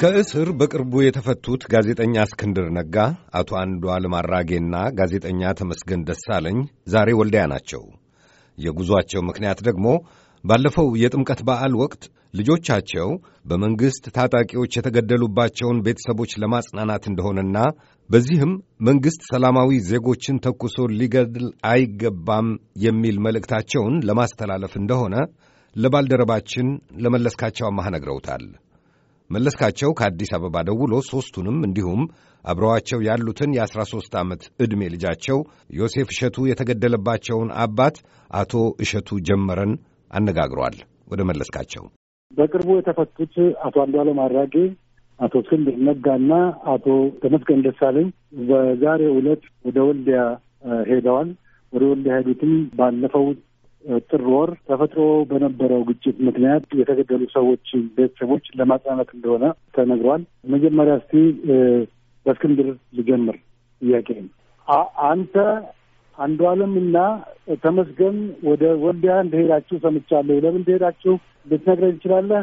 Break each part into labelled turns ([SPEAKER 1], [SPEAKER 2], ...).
[SPEAKER 1] ከእስር በቅርቡ የተፈቱት ጋዜጠኛ እስክንድር ነጋ፣ አቶ አንዱዓለም አራጌና ጋዜጠኛ ተመስገን ደሳለኝ ዛሬ ወልዲያ ናቸው። የጉዟቸው ምክንያት ደግሞ ባለፈው የጥምቀት በዓል ወቅት ልጆቻቸው በመንግሥት ታጣቂዎች የተገደሉባቸውን ቤተሰቦች ለማጽናናት እንደሆነና በዚህም መንግሥት ሰላማዊ ዜጎችን ተኩሶ ሊገድል አይገባም የሚል መልእክታቸውን ለማስተላለፍ እንደሆነ ለባልደረባችን ለመለስካቸው አማህ ነግረውታል። መለስካቸው ከአዲስ አበባ ደውሎ ሦስቱንም እንዲሁም አብረዋቸው ያሉትን የአስራ ሦስት ዓመት ዕድሜ ልጃቸው ዮሴፍ እሸቱ የተገደለባቸውን አባት አቶ እሸቱ ጀመረን አነጋግሯል። ወደ መለስካቸው በቅርቡ የተፈቱት አቶ አንዷለም አራጌ፣ አቶ እስክንድር እና አቶ ተመስገን ደሳለኝ በዛሬ ዕለት ወደ ወልዲያ ሄደዋል። ወደ ወልዲያ ሄዱትም ባለፈው ጥር ወር ተፈጥሮ በነበረው ግጭት ምክንያት የተገደሉ ሰዎች ቤተሰቦች ለማጽናናት እንደሆነ ተነግሯል። መጀመሪያ እስቲ በእስክንድር ልጀምር ጥያቄ አንተ አንዷለምና ተመስገን ወደ ወልዲያ እንደሄዳችሁ ሰምቻለሁ። ለምን እንደሄዳችሁ ልትነግረን ይችላለህ?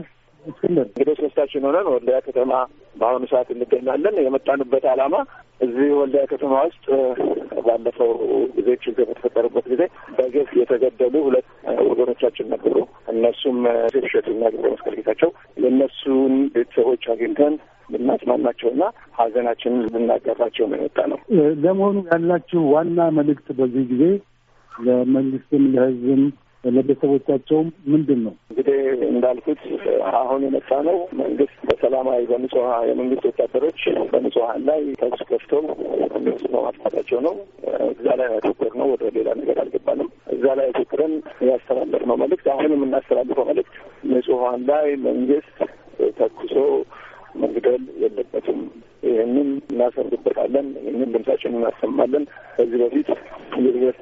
[SPEAKER 1] እስክንድር
[SPEAKER 2] እንግዲህ ሶስታችን ሆነን ወልዲያ ከተማ በአሁኑ ሰዓት እንገኛለን። የመጣንበት ዓላማ እዚህ ወልዲያ ከተማ ውስጥ ባለፈው ጊዜ ችግር በተፈጠሩበት ጊዜ በግፍ የተገደሉ ሁለት ወገኖቻችን ነበሩ። እነሱም ሴፍ ሸቱና ገብረ መስቀል ጌታቸው የእነሱን ቤተሰቦች አግኝተን ልናጽናናቸውና ሀዘናችንን ልናጋራቸው ነው የመጣ ነው።
[SPEAKER 1] ለመሆኑ ያላችሁ ዋና መልእክት በዚህ ጊዜ ለመንግስትም ለህዝብም ለቤተሰቦቻቸውም ምንድን ነው
[SPEAKER 2] እንግዲህ እንዳልኩት አሁን የመጣ ነው። መንግስት በሰላማዊ በንጹሀ የመንግስት ወታደሮች በንጹሀን ላይ ተኩስ ከፍተው እነሱ በማጥፋታቸው ነው። እዛ ላይ ያተኩር ነው። ወደ ሌላ ነገር አልገባንም። እዛ ላይ ያተኩረን ነው መልእክት፣ አሁን የምናስተላልፈው መልእክት ንጹሀን ላይ መንግስት ተኩሶ መግደል የለበትም። እናሰርግበታለን። ይህንን ድምጻችን እናሰማለን። ከዚህ በፊት የብሔር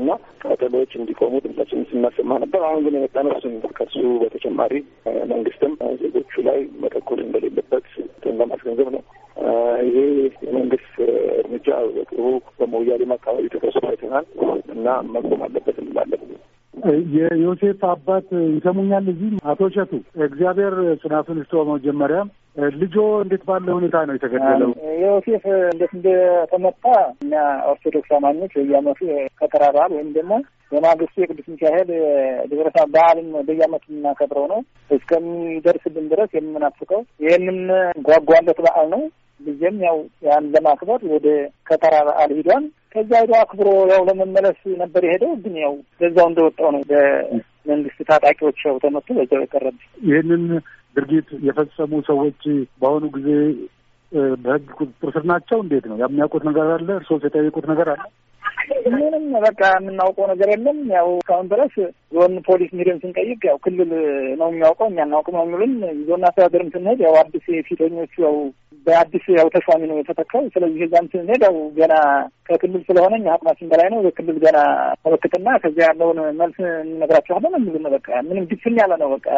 [SPEAKER 2] እና ቀጠሎዎች እንዲቆሙ ድምጻችን ስናሰማ ነበር። አሁን ግን የመጣ ነው እሱን ከሱ በተጨማሪ መንግስትም ዜጎቹ ላይ መተኮር እንደሌለበት ለማስገንዘብ ነው። ይሄ የመንግስት እርምጃ በቅርቡ በሞያሌም አካባቢ ተከሶ አይተናል እና መቆም አለበት እንላለን።
[SPEAKER 1] የዮሴፍ አባት ይሰሙኛል? እዚህ አቶ እሸቱ እግዚአብሔር ጽናቱን ይስጥዎ። መጀመሪያ ልጆ እንዴት ባለ ሁኔታ ነው የተገደለው?
[SPEAKER 3] ዮሴፍ እንዴት እንደተመታ እኛ ኦርቶዶክስ አማኞች በያመቱ ከተራ በዓል ወይም ደግሞ በማግስቱ የቅዱስ ሚካኤል ደብረታ በዓልን በየዓመቱ የምናከብረው ነው። እስከሚደርስብን ድረስ የምናፍቀው ይህንም ጓጓለት በዓል ነው። ብዬም ያው ያን ለማክበር ወደ ከተራ በዓል ሂዷል። ከዛ ሂዶ አክብሮ ያው ለመመለስ ነበር የሄደው። ግን ያው በዛው እንደወጣው ነው በመንግስት ታጣቂዎች ያው ተመቱ በዛው የቀረብ
[SPEAKER 1] ይህንን ድርጊት የፈጸሙ ሰዎች
[SPEAKER 3] በአሁኑ ጊዜ በህግ ቁጥጥር ስር ናቸው? እንዴት ነው የሚያውቁት ነገር አለ? እርሶስ የጠየቁት ነገር አለ? ምንም በቃ የምናውቀው ነገር የለም። ያው እስካሁን ድረስ ዞን ፖሊስ ሚዲየም ስንጠይቅ ያው ክልል ነው የሚያውቀው የሚያናውቅ ነው የሚሉን። ዞን አስተዳደርም ስንሄድ ያው አዲስ ፊተኞቹ ያው በአዲስ ያው ተሿሚ ነው የተተካው። ስለዚህ እዛም ስንሄድ ያው ገና ከክልል ስለሆነ እኛ አቅማችን በላይ ነው። በክልል ገና ምልክትና ከዚያ ያለውን መልስ እንነግራቸዋለን የሚሉን በቃ ምንም ድፍን ያለ ነው በቃ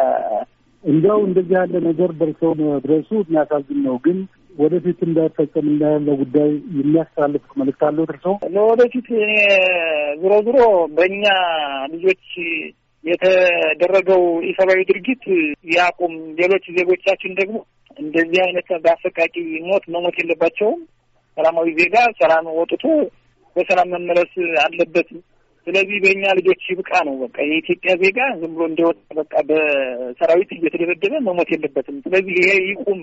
[SPEAKER 1] እንዲያው እንደዚህ ያለ ነገር ደርሰው መድረሱ የሚያሳዝን ነው ግን ወደፊት እንዳይፈጸም እንዳያለ ጉዳይ የሚያስተላልፍ መልእክት አለው እርሶ?
[SPEAKER 3] ለወደፊት እኔ ዞሮ ዞሮ በእኛ ልጆች የተደረገው ኢሰብአዊ ድርጊት ያቁም። ሌሎች ዜጎቻችን ደግሞ እንደዚህ አይነት በአሰቃቂ ሞት መሞት የለባቸውም። ሰላማዊ ዜጋ ሰላም ወጥቶ በሰላም መመለስ አለበት። ስለዚህ በእኛ ልጆች ይብቃ ነው በቃ። የኢትዮጵያ ዜጋ ዝም ብሎ እንዲወጣ በቃ በሰራዊት እየተደበደበ መሞት የለበትም። ስለዚህ ይሄ ይቁም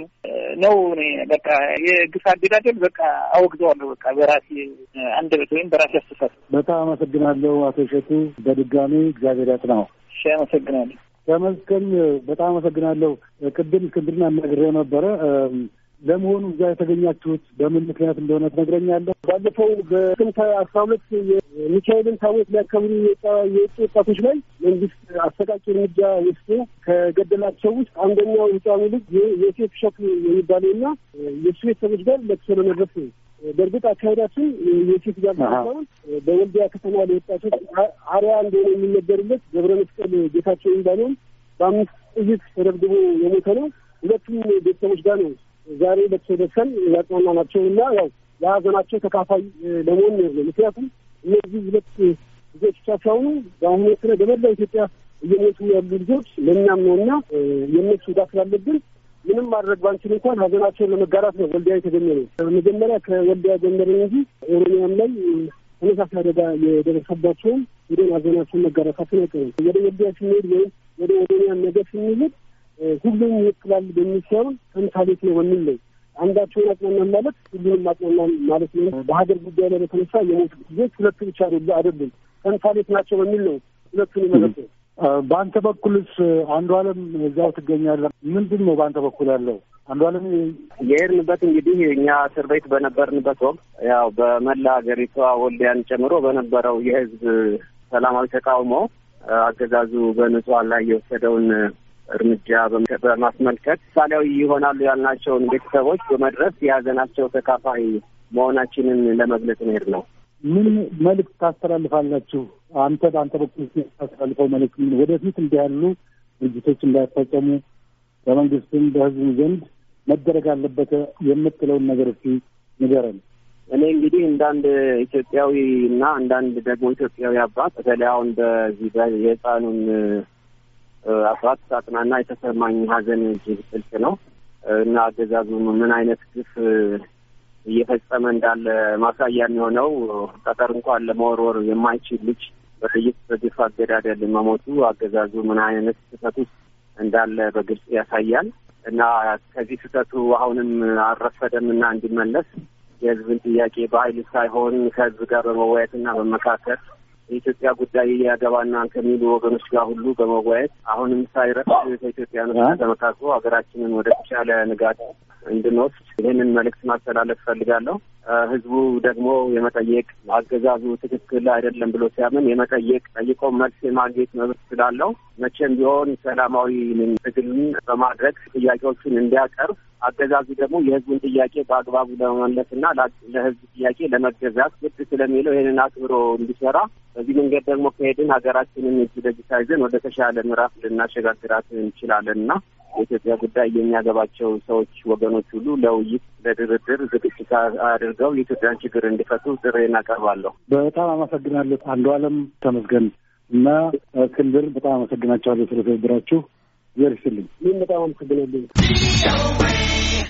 [SPEAKER 3] ነው። እኔ በቃ የግፍ አገዳደል በቃ አወግዘዋለሁ በቃ በራሴ አንደበት ወይም በራሴ አስተሳሰብ።
[SPEAKER 1] በጣም አመሰግናለሁ አቶ እሸቱ በድጋሚ እግዚአብሔር ያጽናው።
[SPEAKER 3] እሺ አመሰግናለሁ።
[SPEAKER 1] ተመስገን በጣም አመሰግናለሁ። ቅድም እስክንድርን አናግሬው ነበረ
[SPEAKER 4] ለመሆኑ እዛ የተገኛችሁት በምን ምክንያት እንደሆነ ትነግረኛለህ? ባለፈው በጥቅምት አስራ ሁለት የሚካኤልን ታቦት ሊያከብሩ የወጡ ወጣቶች ላይ መንግስት አሰቃቂ እርምጃ ወስዶ ከገደላቸው ውስጥ አንደኛው ህፃኑ ልጅ የሴፍ ሸክ የሚባለው የሚባለውና የእሱ ቤተሰቦች ጋር ለቅሶ ለመድረስ ነው። በእርግጥ አካሄዳችን የሴት ጋር ሳይሆን በወልዲያ ከተማ ለወጣቶች አርያ እንደሆነ የሚነገርለት ገብረ መስቀል ጌታቸው የሚባለውን በአምስት ጥይት ተደብድቦ የሞተ ነው። ሁለቱም ቤተሰቦች ጋር ነው ዛሬ ለቅሶ ደርሰን ያጽናና ናቸው እና ያው የሀዘናቸው ተካፋይ ለመሆን ነው። ምክንያቱም እነዚህ ሁለት ልጆች ብቻ ሳይሆኑ በአሁኑ ወቅት ላይ በመላ ኢትዮጵያ እየሞቱ ያሉ ልጆች ለእኛም ነው እና የእነሱ እዳ ስላለብን ምንም ማድረግ ባንችል እንኳን ሀዘናቸውን ለመጋራት ነው ወልዲያ የተገኘ ነው። መጀመሪያ ከወልዲያ ጀመርን እንጂ ኦሮሚያም ላይ ተመሳሳይ አደጋ የደረሰባቸውም ሄደን ሀዘናቸውን መጋራታችን አይቀርም። ወደ ወልዲያ ስንሄድ ወይም ወደ ኦሮሚያ ነገር ስንሄድ ሁሉም ይወክላል በሚል ሳይሆን ተምሳሌት ነው በሚል ነው። አንዳቸውን አጽናናን ማለት ሁሉንም አጽናናን ማለት ነው። በሀገር ጉዳይ ላይ በተነሳ የሞት ጊዜ ሁለቱ ብቻ አይደሉም ተምሳሌት ናቸው በሚል ነው ሁለቱን መለሰ።
[SPEAKER 1] በአንተ በኩልስ አንዱ አለም እዚያው ትገኛለህ። ምንድን ነው በአንተ በኩል ያለው አንዱ አለም?
[SPEAKER 5] የሄድንበት እንግዲህ እኛ እስር ቤት በነበርንበት ወቅት ያው በመላ ሀገሪቷ ወልዲያን ጨምሮ በነበረው የህዝብ ሰላማዊ ተቃውሞ አገዛዙ በንጹሀን ላይ የወሰደውን እርምጃ በማስመልከት ምሳሌያዊ ይሆናሉ ያልናቸውን ቤተሰቦች በመድረስ የያዘናቸው ተካፋይ መሆናችንን ለመግለጽ መሄድ ነው።
[SPEAKER 1] ምን መልዕክት ታስተላልፋላችሁ? አንተ በአንተ በኩል ታስተላልፈው መልዕክት ምን? ወደፊት እንዲህ ያሉ ድርጅቶች እንዳይፈጸሙ በመንግስትም በህዝቡ ዘንድ መደረግ አለበት የምትለውን ነገር እስኪ ንገረን።
[SPEAKER 5] እኔ እንግዲህ እንዳንድ ኢትዮጵያዊ እና አንዳንድ ደግሞ ኢትዮጵያዊ አባት በተለይ አሁን በዚህ የህፃኑን አስራት ሳጥናና የተሰማኝ ሀዘን እጅግ ጥልቅ ነው እና አገዛዙ ምን አይነት ግፍ እየፈጸመ እንዳለ ማሳያ የሚሆነው ጠጠር እንኳን ለመወርወር የማይችል ልጅ በጥይት በግፍ አገዳደል መሞቱ አገዛዙ ምን አይነት ስህተት ውስጥ እንዳለ በግልጽ ያሳያል እና ከዚህ ስህተቱ አሁንም አልረፈደም እና እንዲመለስ የህዝብን ጥያቄ በኃይል ሳይሆን ከህዝብ ጋር በመወያየትና በመካከል የኢትዮጵያ ጉዳይ ያገባና ከሚሉ ወገኖች ጋር ሁሉ በመወያየት አሁንም ሳይረፍት ከኢትዮጵያ ተመካክሮ ሀገራችንን ወደ ተሻለ ንጋት እንድንወስድ ይህንን መልእክት ማስተላለፍ ፈልጋለሁ። ህዝቡ ደግሞ የመጠየቅ አገዛዙ ትክክል አይደለም ብሎ ሲያምን የመጠየቅ ጠይቆ መልስ የማግኘት መብት ስላለው መቼም ቢሆን ሰላማዊ ትግልን በማድረግ ጥያቄዎቹን እንዲያቀርብ አገዛዙ ደግሞ የህዝቡን ጥያቄ በአግባቡ ለመመለስና ለህዝብ ጥያቄ ለመገዛት ግድ ስለሚለው ይህንን አክብሮ እንዲሰራ በዚህ መንገድ ደግሞ ከሄድን ሀገራችንን እጅ ለእጅ ወደ ተሻለ ምዕራፍ ልናሸጋግራት እንችላለን እና የኢትዮጵያ ጉዳይ የሚያገባቸው ሰዎች፣ ወገኖች ሁሉ ለውይይት ለድርድር ዝግጅት አድርገው የኢትዮጵያን ችግር እንዲፈቱ ጥሪ እናቀርባለሁ።
[SPEAKER 1] በጣም አመሰግናለሁ። አንዱ አለም ተመስገን እና እስክንድር በጣም አመሰግናቸዋለሁ
[SPEAKER 5] ስለተብብራችሁ ዘርስልኝ
[SPEAKER 3] ይህም በጣም አመሰግናለሁ።